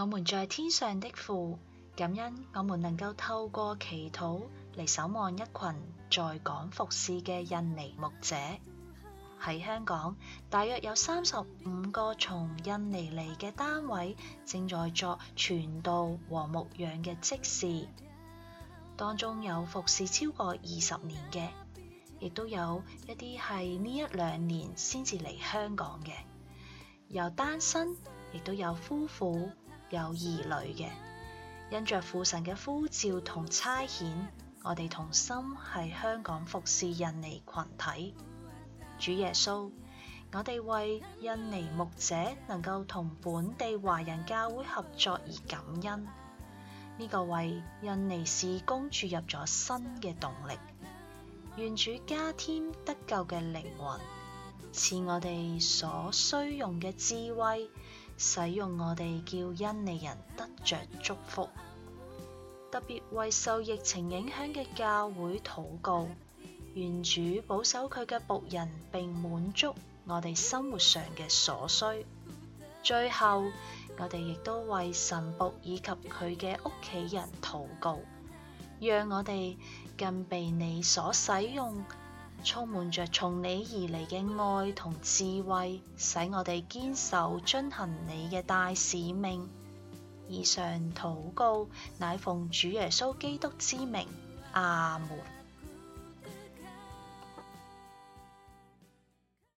我們在天上的父，感恩我們能夠透過祈禱嚟守望一群在港服侍嘅印尼牧者。喺香港，大約有三十五個從印尼嚟嘅單位正在作傳道和牧養嘅職事，當中有服侍超過二十年嘅，亦都有一啲係呢一兩年先至嚟香港嘅，有單身，亦都有夫婦。有兒女嘅，因着父神嘅呼召同差遣，我哋同心喺香港服侍印尼群體。主耶穌，我哋為印尼牧者能夠同本地華人教會合作而感恩。呢、這個為印尼事工注入咗新嘅動力。願主加添得救嘅靈魂，賜我哋所需用嘅智慧。使用我哋叫印尼人得着祝福，特別為受疫情影響嘅教會禱告，願主保守佢嘅僕人，並滿足我哋生活上嘅所需。最後，我哋亦都為神僕以及佢嘅屋企人禱告，讓我哋更被你所使用。充滿着從你而嚟嘅愛同智慧，使我哋堅守遵行你嘅大使命。以上禱告乃奉主耶穌基督之名，阿門。